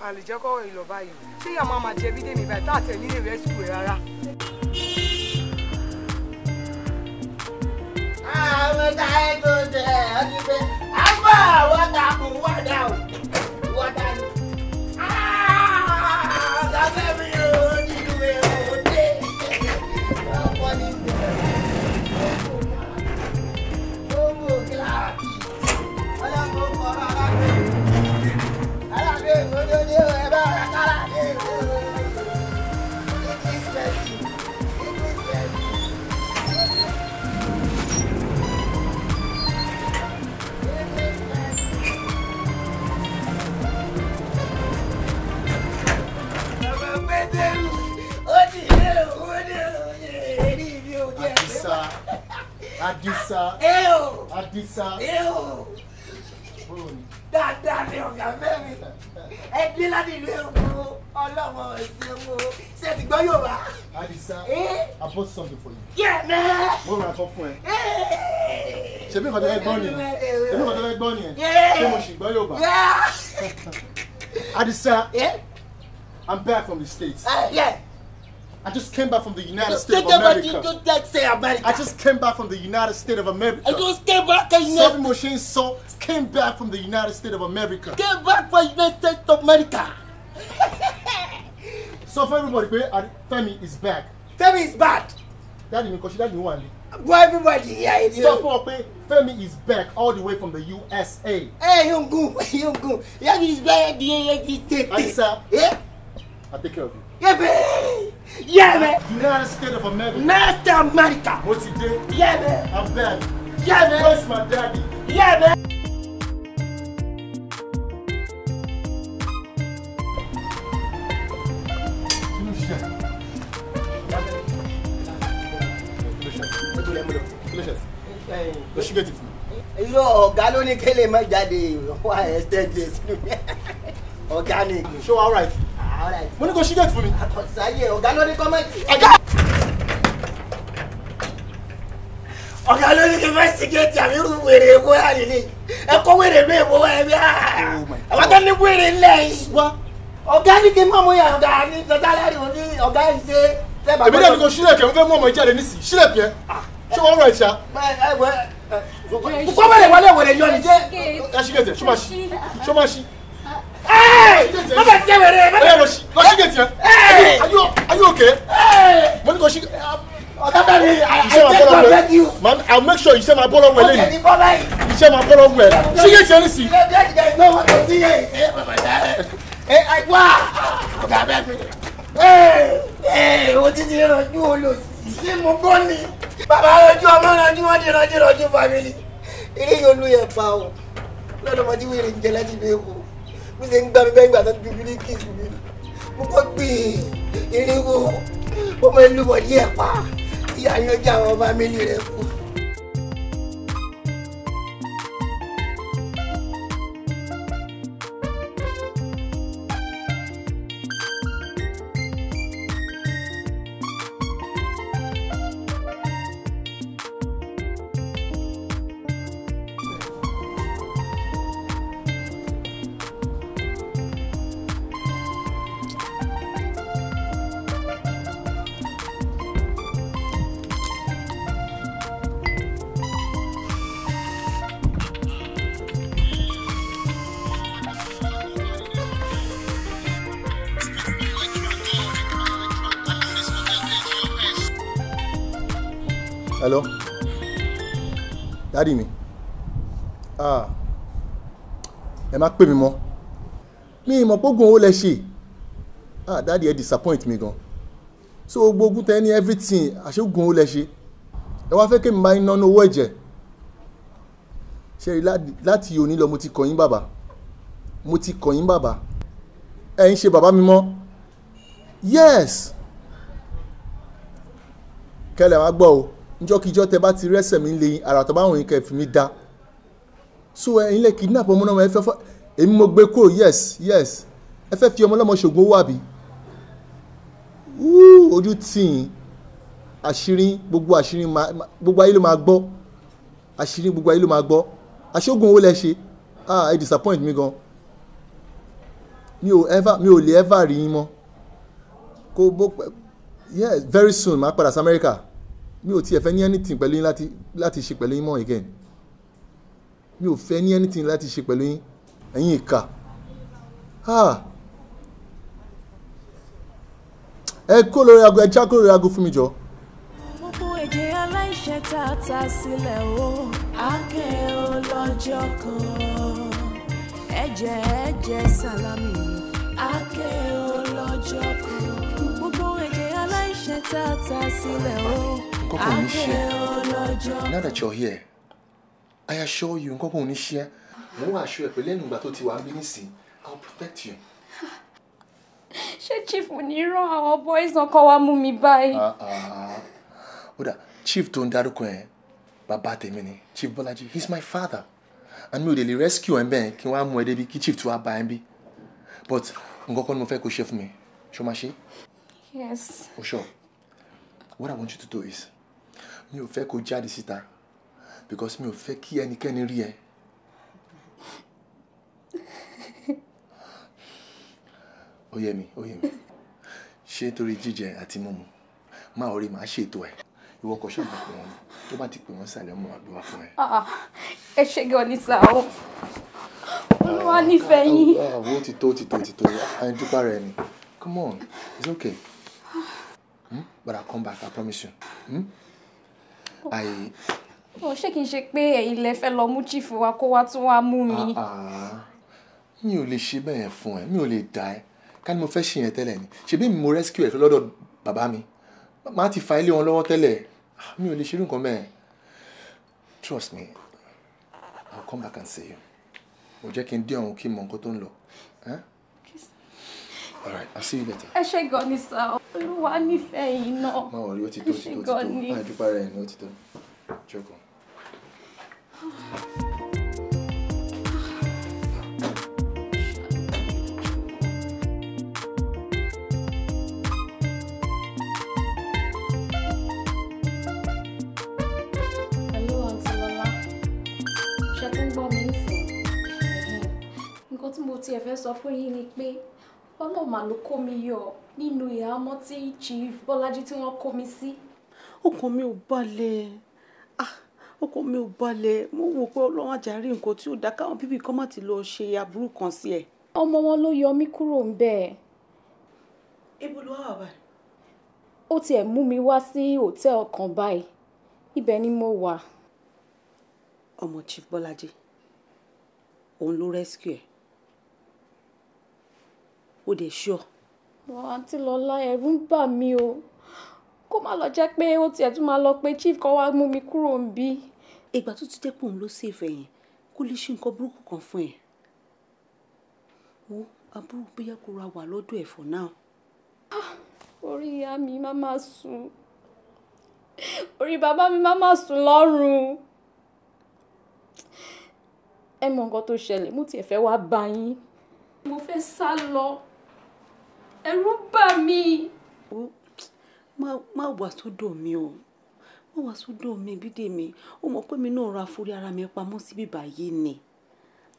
àlìjẹ́kọ̀ọ́ ìlọ́ba yìí tí ìyá máa jẹ bídèmí báyìí tá àtẹ̀ nílé rẹ̀ sùn rárá. àwọn táyé tó jẹ́ ní pé a bá àwọn àtàkùn wà Adisa. Eo. Adisa. Eo. Dada, ni ọ̀gá mẹ́rin. Ẹ dé láti ìlú Èkó ọlọ́mọ ẹ̀sìn owó. Ṣé ti gbọ́ Yorùbá? Adisa, eh? I bought something for you. Yẹ mẹ́. Mo ràn aṣọ fún ẹ. Ṣé mi kò tẹ́lẹ̀ gbọ́ nìyẹn? Ṣé mi kò tẹ́lẹ̀ gbọ́ nìyẹn? Ṣé mo sì gbọ́ Yorùbá? Adisa, I'm back from the States. Uh, yeah. I just came back from the United States of America. You just like say America. I just came back from the United States of America. I just came back from the United Seven Machine Soul came back from the United States of America. Came back from United States of America. so for everybody, Femi is back. Femi is back. That didn't because that didn't want everybody here sọ for ọ Femi is back all the way from the USA. ẹ yóò gùn yóò gùn yàrá is back di yẹn yẹn ti tètè. ayisa I'll take care of you. Yeah, man. Yeah, man. United States of America. North America. What's it day? Yeah, man. I'm back. Yeah, man. Where's my daddy? Yeah, man. Lọ ṣí gẹ̀tì fún mi. Irú ọ̀gá ló ní kí lè má jáde wá ẹ̀ẹ́dẹ́gbẹ̀ẹ́ sínú ọ̀gá ni. Ṣé wàá right? mo ní kò ṣí gẹ̀ẹ́tì fún mi. àtọ̀sáyé ọ̀gá ló ní kọ́mẹ́tì. ọ̀gá ọ̀gá ló ní kí n bá ṣí gẹ̀ẹ́tì àmì irú wèrè èwo yà nílé ẹ kọ́ wèrè ló èwo wà ẹbí ah! oh àwọn tó ní wèrè ńlẹ̀ yìí. ọ̀gá ní kí n mọ̀ mọ́ yà ọ̀gá ní tọ́tàlárì òní ọ̀gá yìí ṣe. èmi náà ni kò ṣílẹ̀ kẹ́ ń fẹ́ mú ọmọ ìjáde nísìnyí ṣílẹ̀ pẹ́ ah. ṣé wọ́n rọ̀ ẹ̀ ṣá kọ́mọ̀lẹ̀ wọlé wọlé yọ ni. ẹ ṣí gẹ̀ẹ́tì ṣó máa ṣí ṣó má bàa jẹ wẹrẹ má bàa. lọ sí gẹ̀ẹ́tì rẹ are you okay. mo ní kò sí. ọ̀dọ́dọ́ mi i take your revenue. ma i make sure you say ma bọ́ lọ́wọ́ eléyìí. ọ̀dẹ̀ ní bọ́ báyìí. you no, ma bọ́ lọ́wọ́ ẹ̀ sí gẹ̀ẹ́tì rẹ sí. wá ọ̀gá bẹ́ẹ̀ mi. ee eh, eh, o ti di rànjú olòsì sí mo gbọ́ ni. bàbá rànjú ọmọ rànjú wọn di rànjú rànjú family. eré yóò lu yẹn pa o lọ́dọ̀ mọ́tí wíìrì ń jẹ láti ìlú èkó bí ṣe ń gbá mi bẹ́ẹ̀ gbà tó ju bílíkìsì mi mo kọ́ gbìn irinwó ọmọ ìlú bọ̀ díẹ̀ pa ìyá yanjú àwọn fámìlì rẹ̀ fún un. dádì mi ah, ẹ má pè mí mọ́ mi ìmọ̀ pógun owó lẹ ṣe ah, dádì ẹ disappoint mi gan so gbogbo ogun tẹ ní everything àṣegun owó lẹ ṣe ẹ wá fẹ́ kí mi máa ń náná owó ẹ̀jẹ̀ ṣe rí láti òní lọ mo ti kọ̀ yín bàbá mo ti kọ̀ yín bàbá ẹ ń ṣe bàbá mi mọ́ yes kẹlẹ̀ wá gbọ́ o njọ́kíjọ́ tẹ bá ti rẹ́sẹ̀ mi lẹ́yìn ara tó bá wọ̀nyí kẹ́ fi mi da so ẹ̀yin lè kidnap ọmọ náà ẹ fẹ́ fọ́ èmi mo gbé kúrò yes yes ẹ fẹ́ fi ọmọ ọlọ́mọ ṣògbó wà bí ojú tìyìn àṣírí gbogbo àṣírí gbogbo ayé ló máa gbọ́ àṣírí gbogbo ayé ló máa gbọ́ aṣọ́gun owó lẹ ṣe ah i disappoint mi gan mi ò ever mi ò lè ever rí yín mọ́ kó bó yes very soon màá padà sí America mi ò tiẹ̀ fẹ́ ní anything pẹ̀lú yín láti láti ṣe pẹ̀lú yín mọ́ again mi ò fẹ́ ní anything láti ṣe pẹ̀lú yín ẹ̀yin ìka ah. ẹ kó lórí aago ẹ já kó lórí aago fún mi jọ. gbogbo èdè aláìṣẹ́ tá a ta sílẹ̀ o àkẹ́ ọlọ́jọ́ kan ẹ̀jẹ̀ ẹ̀jẹ̀ sálámì àkẹ́ ọlọ́jọ́ kan gbogbo èdè aláìṣẹ́ tá a ta sílẹ̀ o nǹkan kan ṣe now that you're here I assure you nǹkan kan ò ní ṣe mo wà aṣọ ẹ̀ pé lẹ́nu ìgbà tó ti wà bí nísìnyí I will protect you. ṣé chief ní rán àwọn boys ọkọ wa mú mi báyìí. Ah, ah. ó dà chief tó ń dárúkọ ẹ bàbá tèmi ni chief Bọ́lájí he is my father and mi ò lè lè rescue ẹ bẹ́ẹ̀ kí wọ́n á mú ẹ débi kí chief tó wá bá ẹ bí but nǹkan kan ni mo fẹ́ kó ṣe fún mi ṣó máa ṣe. yes. o oh, sure what I want you to do is mi ò fẹ́ kó jáde síta because mi ò fẹ́ kí ẹnikẹ́ni rí ẹ. ó yé mi ó yé mi ṣé torí jíjẹ àti mímu máa rí màá ṣètò ẹ ìwọ kò ṣe ìgbàgbọ́ wọn tó bá ti pè wọ́n sàlẹ̀ ọmọ àgbẹ̀wá fún ẹ. Ah, ah. ẹ ṣe gan ni sá o olúwa nífẹ̀ẹ́ ah, yín. àwọn ó ti tó ti tó ti tó ẹni dúpẹ́ rẹ ni come on it's okay. Hmm? But I'll come back, I promise you. Hmm? àyè. mo ṣé kí n ṣe pé ẹ̀yin lẹ fẹ́ lọ mú chief wa kó wá tún wá mú mi. Ah, ah. mi ò lè ṣe bẹ́ẹ̀ fún ẹ mi ò lè dá ẹ ká ní mo fẹ́ ṣe yẹn tẹ́lẹ̀ ni ṣebí mo rescue ẹ̀ lọ́dọ̀ bàbá mi má ti fa ilé wọn lọ́wọ́ tẹ́lẹ̀ ah, mi ò lè ṣerú nǹkan bẹ́ẹ̀ trust me i'll come back and see you mo jẹ́ kí n dé ọ̀hún kí n mọ nǹkan tó ń lọ all right i'll see you later. ẹ ṣe gan ni sir wá nífẹ̀ẹ́ yìí náà. má wọrí ó ti tó ó ti tó ó ti tó má dúpẹ́ ara ẹ̀ ní ó ti tó jókòó. nǹkan tí mo tiẹ̀ fẹ́ sọ fún yín ni pé ọlọ́run mà ló kó mi yọ nínú ìhámọ́ tí chief bọ́lájí tí wọ́n kó mi sí. ọkàn mi ò balẹ̀ ah, ọkàn mi ò balẹ̀ mo wò pé ọlọ́run àjàrí nǹkan tí ò dá káwọn bíbí kan má ti lọ ṣe aburú kan sí ẹ̀. ọmọ wọn ló yọ mí kúrò ń bẹ́ẹ̀. ibo ló wà báyìí. ó tiẹ̀ mú mi wá sí hòtẹ́ẹ̀lì kan báyìí ibẹ̀ ni mo wà. ọmọ chief bọ́lájí òun ló rescue ẹ̀ o dẹ̀ ṣọ́. wọ́n àǹtí lọ́lá ẹ̀rù ń bà mí o kó má lọ jẹ́ pé ó tiẹ̀ tún máa lọ pé chief kan wá mú mi kúrò ń bí. ìgbà tó ti jẹ́ pé òun ló ṣèfè yẹn kó lè ṣe nǹkan burúkú kan fún ẹ̀. wo aburú bóyá kó ra wà lọ́dọ̀ ẹ̀fọ́ náà. Ah, orí ìyá mi má máa sùn orí bàbá mi má máa sùn lọ́rùn ẹ mọ nǹkan tó ṣẹlẹ̀ mo tiẹ̀ fẹ́ wá bá yín mo fẹ́ sá lọ ẹ̀rù bà mí. ó má wá sọ́dọ̀ mi o má wá sọ́dọ̀ mi Bídèmí ó mọ̀ pé mi náà ra forí ara mi pamọ́ síbí báyìí ni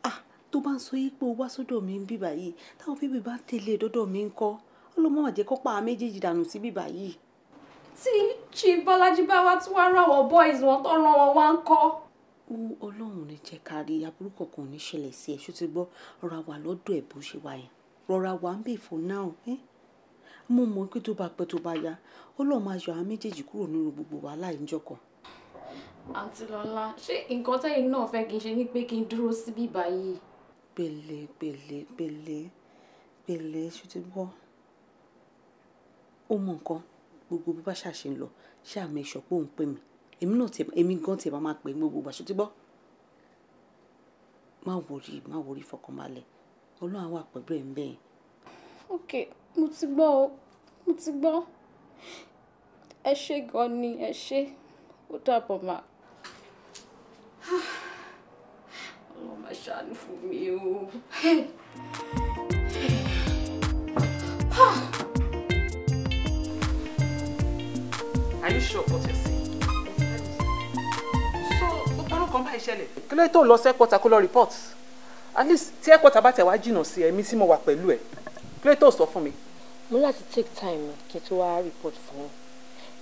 ah, tó bá ń sọ yìí pé o wá sọ́dọ̀ mi ń bíbà yìí táwọn bíbí bá ń tẹ̀lé dọ́dọ̀ mi ń kọ́ ọlọ́mọ àjẹ́ kọ́pá méjèèjì dànù sí bíbà yìí. tí chief bọ́lájí bá wá tún wá ráwọ̀ boys wọn tó rán wọn wá ń kọ́. ó ọlọ́run ní jẹ́ kárí aburú kọ̀ọ̀kan ní ṣẹlẹ̀ sí ẹ̀ ṣó ti gbọ́ ra wà lọ́dọ̀ ẹ̀ bó ṣe wáyé rọra wà ń bì for now ẹ́ eh? mo mọ̀ pé tó bá pẹ́ tó bá yá ọlọ́run máa yọ àwọn méjèèjì kúrò nínú gbogbo wàhálà ìjọkàn. àǹtí lọ́lá ṣé nǹkan tẹ́yìn náà fẹ́ kí n ṣe ni pé kí n dúró síbí báyìí. pẹ̀lẹ́ pẹ̀lẹ́ pẹ̀lẹ́ pẹ̀lẹ́ ṣùtúbọ ó mọ nǹkan gbogbo bí bá ṣàṣe ń lọ ṣáà mẹṣọ pé òun pè mí èmi náà tẹ èmi gan tẹ bá máa pè mí gbogbo ìgbà ṣùtúbọ má wòrí má wòrí fọkànbalẹ̀ Ọlọ́run á wà pẹ̀lú ẹ̀ ń bẹ́ẹ̀. ok mo ti gbọ́ o mo ti gbọ́ ẹ ṣé gan ni ẹ ṣé ó dàbọ̀ mà. Ọlọ́run máa ṣàánú fún mi o. Hey. Are you sure So, gbogbo orúkọ bá ìṣẹ̀lẹ̀. Kí ló tó lọ sẹ́pọ̀ta kó lọ report? at least tí airport abátẹ̀ wá jìnnà sí ẹ̀mí tí mo wà pẹ̀lú ẹ̀ plato sọ fún mi. mo láti take time kí n tó wá report fún un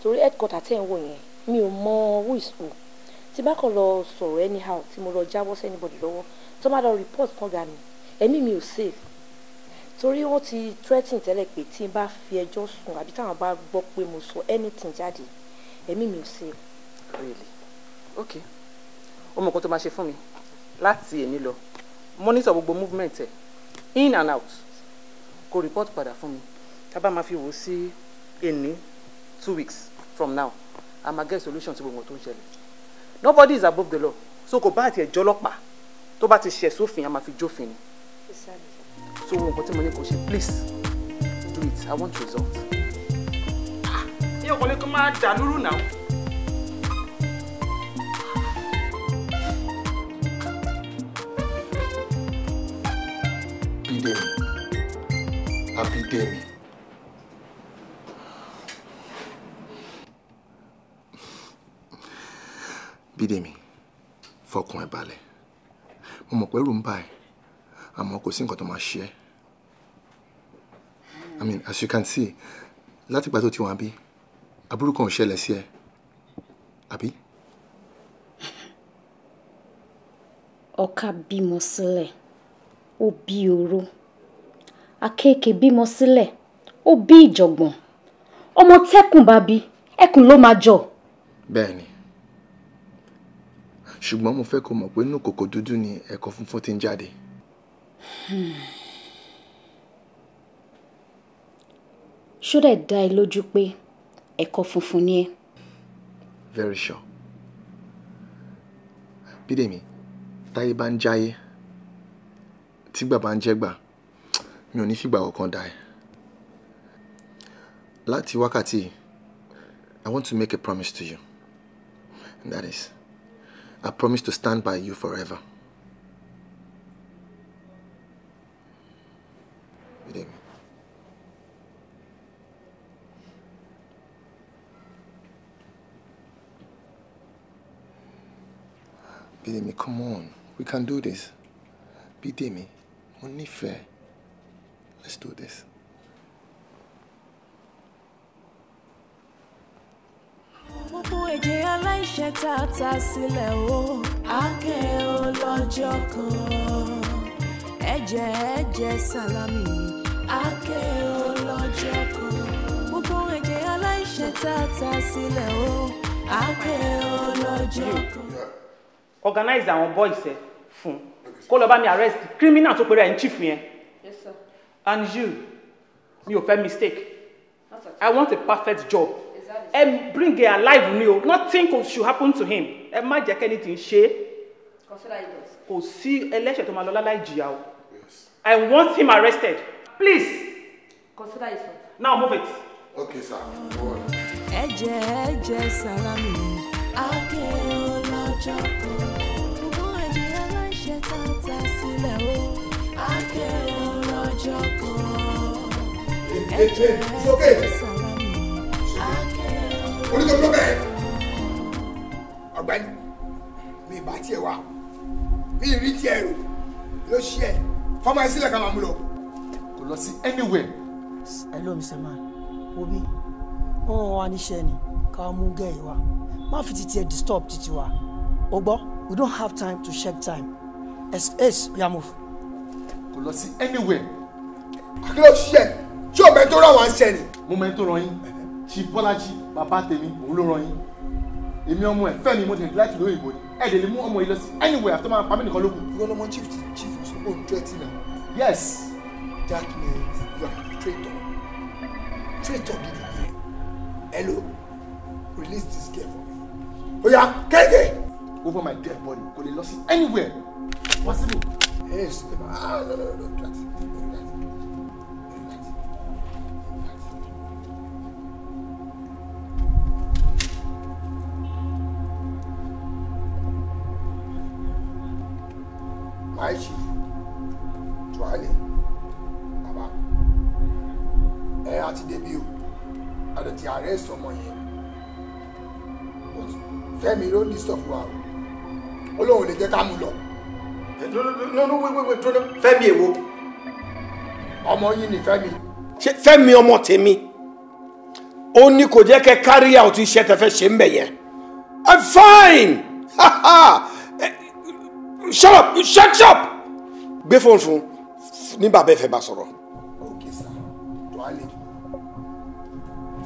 torí headquarter tẹ̀ ń wò yẹn mi ò mọ who is who tí bá kàn lọ sọ̀rọ̀ anyhow tí mo lọ jábọ́ sí anybody lọ́wọ́ tó má lọ report fún ọ̀gá mi ẹ̀mí mi ò safe torí wọ́n ti threatening tẹ́lẹ̀ pé tí n bá fi ẹjọ́ sùn àbí táwọn bá gbọ́ pé mo sọ anything jáde ẹ̀mí mi ò safe. really okay ọmọ kan tó máa ṣe fún mi láti èmi lọ monitor gbogbo movement ẹ̀ in and out kó report padà fún mi tá bá máa fi wò sí ẹni two weeks from now a máa get solution to gbogbo tó ń ṣẹlẹ̀ nobody is above the law so kò bá àti ẹ̀jọ́ ọlọ́pàá tó bá ti ṣẹ̀ sófin a máa fi jófin ni so wo nǹkan tí mo ní kò ṣe please do it i want result. Ah, mi ò kọ́ni kó máa dànù rú náà. Abídẹ́mi Abídẹ́mi. Bídèmí fọkàn ẹ balẹ̀ mo mọ̀ pẹ́rù ń bà ẹ́ àmọ́ kò sí nǹkan tó máa ṣe I mean as you can see látìgbà tó ti wà bí aburú kan ò ṣẹlẹ̀ sí ẹ àbí. ọ̀ka bímọ sílẹ̀ ó bí oró akéèké bímọ sílẹ̀ ó bí ìjọ̀gbọ̀n ọmọ tẹ́kùn bá bí ẹkùn ló máa jọ. bẹ́ẹ̀ ni ṣùgbọ́n mo fẹ́ kó mọ̀ pé inú kòkò dúdú ni ẹ̀kọ́ funfun ti ń jáde. ṣó dá ẹ lójú pé ẹ̀kọ́ funfun ni ẹ. very sure bídèmí táyé bá ń jáyé. tí gbà bá gbà mi ò ní fìgbà kankan láti wákàtí I want to make a promise to you and that is I promise to stand by you forever. Bidemi. Bidemi, come on. We can do this. Bidemi. mo nífẹ̀ẹ́ let's do this. gbogbo èdè aláìṣẹ̀ tá a ta sílẹ̀ o àáké olọ́jọ́ kan ẹ̀jẹ̀ ẹ̀jẹ̀ sálámì àáké olọ́jọ́ kan gbogbo èdè aláìṣẹ̀ tá a ta sílẹ̀ o àáké olọ́jọ́ kan. organize àwọn boys ẹ fún un kó lọ bá mi arrest criminal tó pèrè ẹ̀ ń chief yẹn yes sir and you mi ò fẹ́ mistake i want a perfect job ẹ exactly. bring her alive ni o nothing should happen to him ẹ má jẹ́ kẹ́ni tí ń ṣe kò sí ẹlẹ́ṣẹ̀ tó máa lọ láláì jìyà o i want him arrested please consider it sir. now move it. okay sir go on. ẹ̀jẹ̀ ẹ̀jẹ̀ sára mi ọlọ́jọ́ kan. ẹ̀jẹ̀ sókè onídọ̀dọ̀ bẹ́ẹ̀ ọ̀gbẹ́ni mi ìbá tiẹ̀ wá mi ìrí tiẹ̀ rò ló ṣí ẹ̀ fọmọ ẹ sílẹ̀ ká máa mú lọ. kò lọ sí anywhere. ẹ mi sẹ máa obi wọn wá níṣẹ́ ni ká mú gẹ̀ẹ́ wa má fi titi ẹ disturb titi wa o gbọ́ we don't have time to check time Ss, Yamuf. kò lọ sí anywhere kí ló ṣe ṣé o mẹ́tò rán wa ń ṣe ni. mo mẹ́tò rán yín ṣì bọ́lájì bàbá tèmi òun ló rán yín èmi ọmọ ẹ fẹ́mi mo tẹ̀lé láti lóyìnbó ni ẹ lè mú ọmọ yìí lọ sí anywhere àti tó máa nìkan lókun. ìwọ lọmọ chief chief sọgbọn dúrẹ́tì náà. yes. that means you are a traitor traitor gidi ni hello release this girl for me. oya kéde. over my dead body kò lè lọ sí anywhere possible. yes ah no no no. aishi tuwale bàbá ẹ àti débi o àti ti arrest ọmọ yẹn Fẹ́mi ló ní sọ wa o ó lè jẹ ká mú lọ. Fẹ́mi èwo. ọmọ yìí ni Fẹ́mi. Fẹ́mi ọmọ tèmi ó ní kò jẹ́ kẹ́ carry out iṣẹ́ tẹ́fẹ́ ṣe ń bẹ̀ yẹn i'm fine shut up shut up gbé fóònù fún ní bàbá ẹ fẹ́ bá sọ̀rọ̀. okay sir tó a lè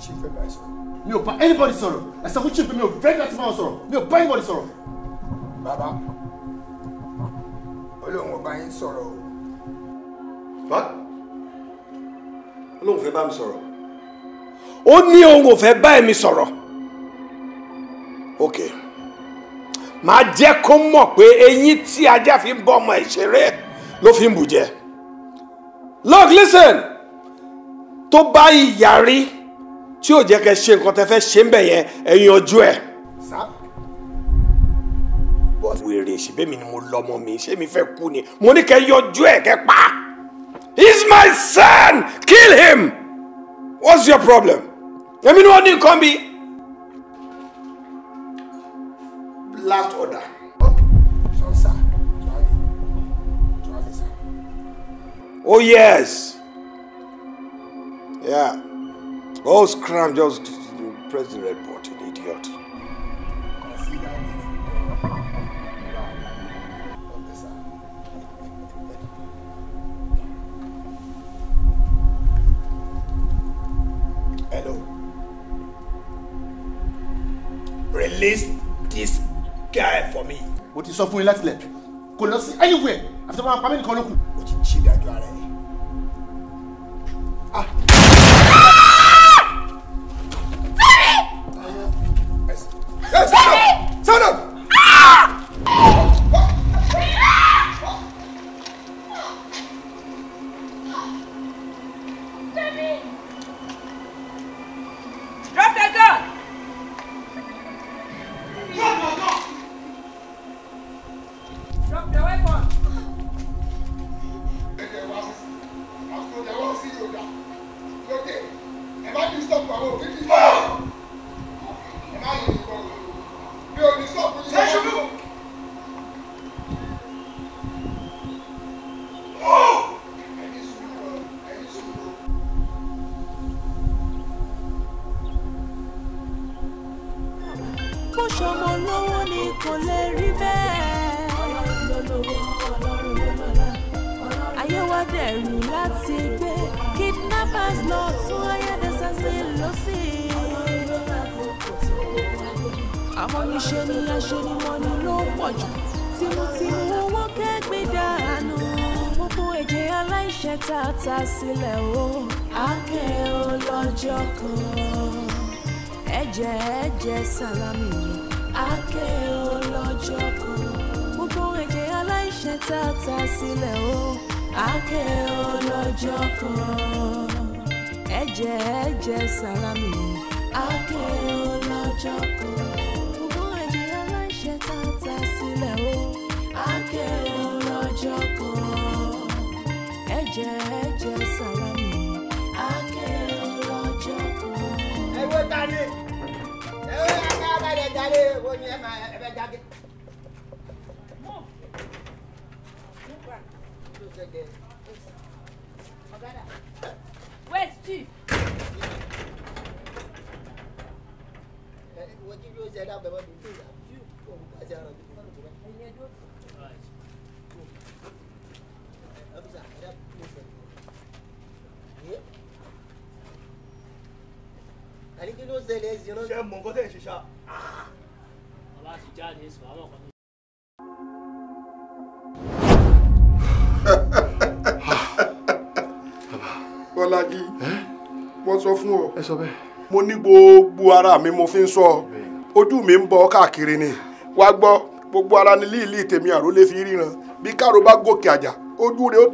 ṣe fẹ́ bá ẹ sọ̀rọ̀. mi ò bá anybody sọ̀rọ̀ ẹ̀sẹ̀ kó chief mi ò bẹ́ẹ̀ láti máa sọ̀rọ̀ mi ò bá anybody sọ̀rọ̀. bàbá olóhùn ọba yín sọ̀rọ̀ o. what olóhùn fẹ́ bá mi sọ̀rọ̀ ó ní òun kò fẹ́ bá ẹ̀mí sọ̀rọ̀ okay màá jẹ́ kó mọ̀ pé eyín tí ajá fi ń bọ́ ọmọ ìṣeré ló fi ń bù look listen tó bá ìyá rí tí ò jẹ́ kẹ́ ṣe nǹkan tẹ́ fẹ́ ṣe ń bẹ̀ yẹn ẹ̀yin ọjọ́ ẹ̀. wèrè ṣèbémi ni mo lọ́mọ mi ṣé mi fẹ́ kú ni mo ní kẹ́ yọjú ẹ̀ kẹ́ pa. he's my son kill him what's your problem? èmi ni wọ́n ní nǹkan bíi. last order. Okay. So, sir. Charlie. Charlie, sir. Oh, yes. Yeah. Oh, scram. Just press the red button, idiot. Hello. Release this care for me. o ti sọ fún mi láti lẹ kò lọ sí anywhere àfi tó máa pa mí nìkan ló kù. o ti ṣe ìdájọ́ ara ẹ̀. Sẹ́mi! Sẹ́mi! Sẹ́mi! ṣe náà. ṣe fún ọ. ní mi mo fi ń sọ ojú mi ń bọ káàkiri ni wá gbọ́ gbogbo ara ni líìlì tèmi bí gòkè àjà ojú ó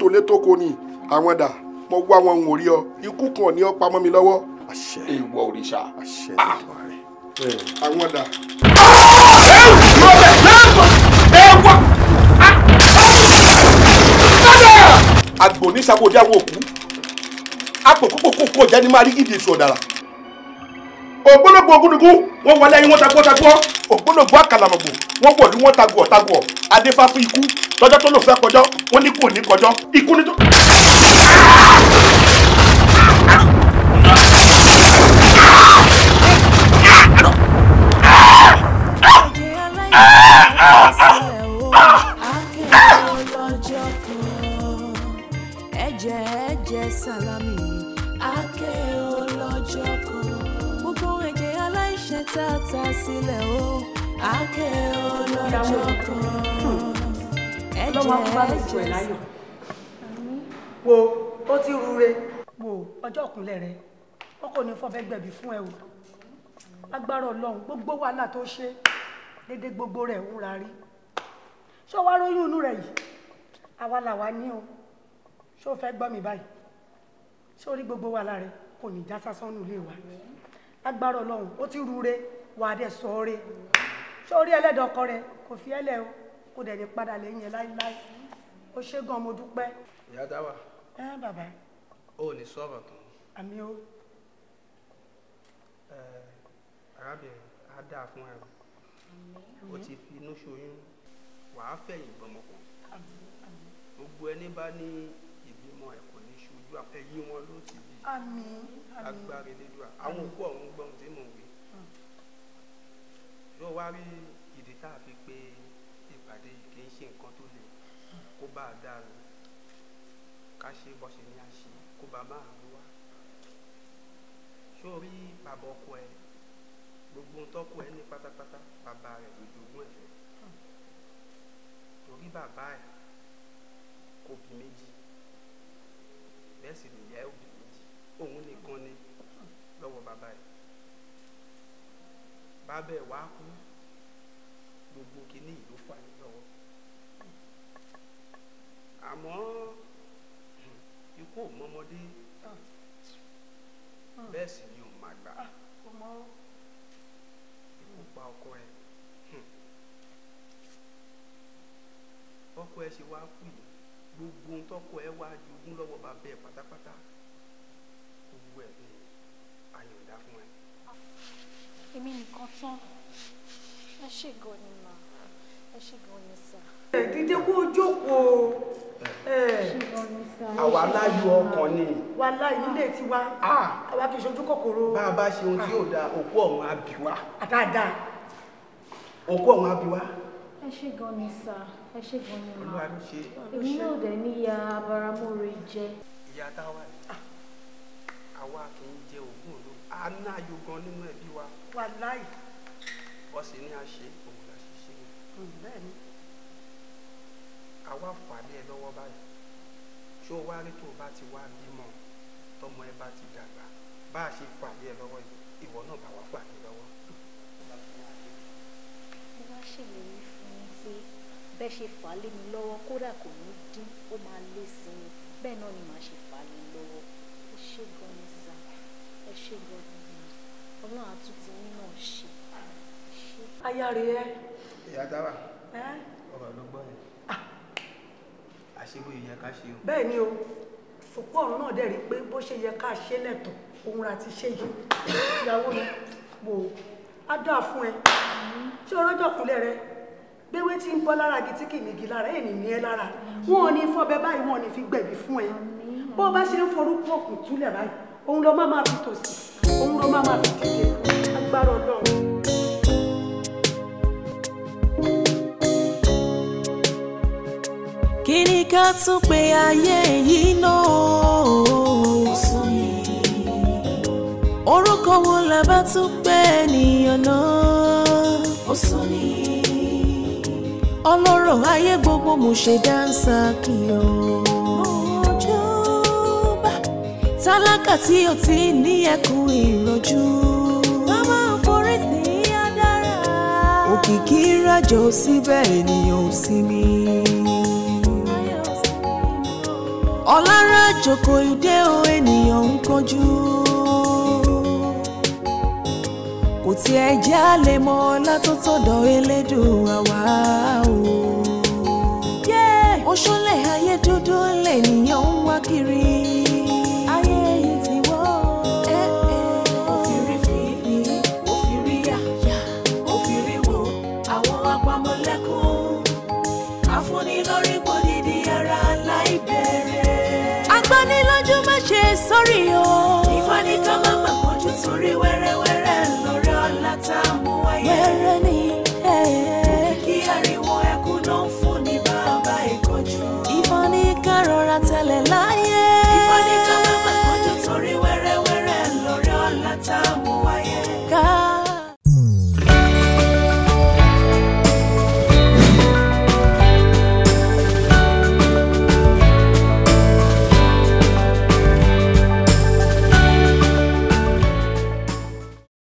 àwọn dà mo wá wọn ń wòrí ọ ikú kan ní ọ pamọ́ mi lọ́wọ́ ìwọ òrìṣà ah! àwọn ọ̀dà. àgbò ní sakode àwọn òkú apòkókòkò jáde máa rí ìdí èso ọ̀dàrà ògbólógbò ogúnugún wọn wọlé ayé wọn tagbọ́ tagbọ́ ògbólógbò àkàlàmọ̀gbò wọn wọ̀lú wọn tagbọ̀ tagbọ̀ adéfá fún ikú lọ́jọ́ tó lò fẹ́ kọjọ́ wọn ní kò ní kọjọ́ ikú ní tó. ẹ̀jẹ̀ ẹ̀jẹ̀ sálámì àkè ọlọ́jọ́ kan gbogbo o àkè ọlọ́jọ́ kan ẹ̀jẹ̀ ẹ̀jẹ̀ wo ó ti rure wo ọjọ́ ìkúnlẹ̀ rẹ wọn ní fọ́ gbẹ̀bí fún ẹ o agbára ọlọ́run gbogbo wàhálà tó ṣe dédé gbogbo rẹ̀ ń ra rí ṣó wá róyún inú rẹ̀ yìí àwa làwa ní o ṣó fẹ́ gbọ́ mi báyìí ṣó rí gbogbo wa lára kò ní já sásán nù lé wa lágbára ọlọ́run ó ti rure wàá dẹ̀ sọ ọ́ rẹ̀ ṣó rí ẹlẹ́dọ̀ ọkọ rẹ̀ kò fi ẹlẹ́ o kò dẹ̀ ní padà lẹ́yìn ẹ láíláí ó ṣe gan mo dúpẹ́. ìyá dáwà. ẹ bàbá. o ò ní sọ ọ̀rọ̀ àmì o. ẹ arábìnrin á dáa fún ẹ ó ti fi inú ṣoyún wàá fẹ̀yìn gbọmọkàn gbogbo ẹni bá ní ìbímọ ẹ̀kọ́ ní ṣojú ẹ̀yìn wọn ló ti bí agbára elédùà àwọn òkú ọ̀hún gbọ́n tí mò ń gbé hmm. yóò wá rí ìdí tá a fi pé ìpàdé yìí kì í ṣe nǹkan tó le hmm. kó bá a dára ká ṣe bó ṣe ní àṣẹ kó bá a máa wá sórí bàbá ọkọ ẹ gbogbo tọ́kù ẹ ní pátápátá bàbá rẹ̀ ló jogún ẹ̀fẹ́ torí bàbá ẹ̀ kò bí méjì bẹ́ẹ̀ sì nìyá ẹ̀ òbí méjì òun nìkan ni lọ́wọ́ bàbá ẹ̀ bàbá ẹ̀ wá kú gbogbo kìíní yìí ló fà ní lọ́wọ́ àmọ́ ikú ò mọ́mọdé ah. Ah. bẹ́ẹ̀ sì ni ò má gbà. Ah, pa ọkọ ẹ hmm. ọkọ ẹ ṣe wá kú yìí gbogbo ohun tọkọ ẹ wá jogún lọ́wọ́ bàbá ẹ pátápátá gbogbo ẹ ní àyọ̀dá fún ẹ. èmi nìkan tán ẹ ṣe gan ni mà ẹ ṣe gan ni sà. ẹ dídé kó o jókòó àwa láyọ̀ ọkàn ni. wà láyọ̀ ilé tiwa ah. àwa kì í ṣojú kòkòrò. bá a bá ṣe ohun tí yóò da òkú ọ̀run á bì wá. àdáadáa. Ah òkú ọ̀hún abiwá. ẹ ṣe gan ni sá ẹ ṣe gan ni màá èmi náà dẹ̀ ní ya abaramóore jẹ. ìyá táwa yìí àwa kì í jẹ ògùn ló a ná ayò gan nínú ẹbí wa. wà láì. bọ́sì ni a ṣe òun là ṣe ṣe yẹn. bẹ́ẹ̀ni. àwa fàlẹ́ ẹ lọ́wọ́ báyìí ṣó wá rí tó o bá ti wá bímọ tọmọ ẹ bá ti dàgbà bá a ṣe fàlẹ́ ẹ lọ́wọ́ ìwọ náà bá wa fàlẹ́ lọ́wọ́ ṣèlérí fún yín pé bẹ́ẹ̀ ṣe fà á lé mi lọ́wọ́ kódà kò ní dín ó máa lé sí mi bẹ́ẹ̀ náà ni màá ṣe fà á lé lọ́wọ́ ẹ ṣé gan ni sà ẹ ṣé gan ni ọlọ́run àtúntì yín náà ṣe. aya rẹ ẹ. ìyá táwa ọ̀rọ̀ ló gbọ́ yẹn ah! àṣebóyè yẹ ká ṣe o. bẹ́ẹ̀ ni o òpó ọ̀run náà dẹ̀ rí i pé bó ṣe yẹ ká ṣe lẹ́tọ̀ọ́ òun ra ti ṣe yìí ìyàwó mi wò ó á dà fún ẹ ṣé ọlọ́jọ́ kúnlẹ̀ rẹ gbéwé tí ń bọ́ lára igi tí kì í nìgi lára ẹ̀ nìyí lára wọn ò ní fọbẹ báyìí wọn ò ní fi gbẹ̀bí fún ẹ bó o bá ṣe ń forúkọ òkú túlẹ̀ báyìí òun ló má máa fi tòsí òun ló má máa fi dìde agbára ọlọ́run. kí ni ká tún pè ayé yìí náà orúkọ wo la bá tún pè ènìyàn náà ó sọ ní. ọlọ́rọ̀ ayé gbogbo mo ṣe dáńsà kí o. ọjọ́ bá tálákà tí o ti ní ẹkùn ìrọ̀jú. bàbá forí sí adára. òkìkí rájò síbẹ̀ ènìyàn ò sinmi. ọ̀la rájò kò ì ènìyàn ń kojú. tiẹ̀ jẹ́ àlè mọ́ ọlá tó tọ̀dọ̀ elédùn àwa o. ó ṣọlẹ̀ ayédùn.